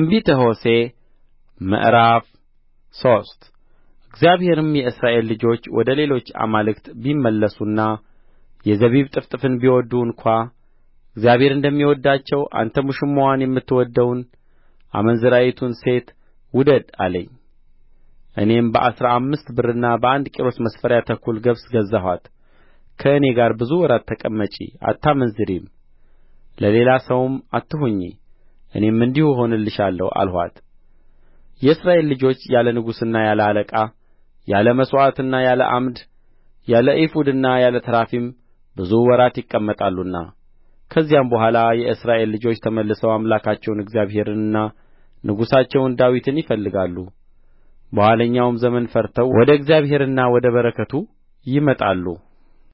ትንቢተ ሆሴዕ ምዕራፍ ሶስት እግዚአብሔርም የእስራኤል ልጆች ወደ ሌሎች አማልክት ቢመለሱና የዘቢብ ጥፍጥፍን ቢወድዱ እንኳ እግዚአብሔር እንደሚወድዳቸው አንተ ሙሽራዋን የምትወድደውን አመንዝራይቱን ሴት ውደድ አለኝ እኔም በአሥራ አምስት ብርና በአንድ ቆሮስ መስፈሪያ ተኩል ገብስ ገዛኋት ከእኔ ጋር ብዙ ወራት ተቀመጪ አታመንዝሪም ለሌላ ሰውም አትሁኚ እኔም እንዲሁ እሆንልሻለሁ አልኋት የእስራኤል ልጆች ያለ ንጉሥና ያለ አለቃ ያለ መሥዋዕትና ያለ ዓምድ ያለ ኤፉድና ያለ ተራፊም ብዙ ወራት ይቀመጣሉና ከዚያም በኋላ የእስራኤል ልጆች ተመልሰው አምላካቸውን እግዚአብሔርንና ንጉሣቸውን ዳዊትን ይፈልጋሉ በኋለኛውም ዘመን ፈርተው ወደ እግዚአብሔርና ወደ በረከቱ ይመጣሉ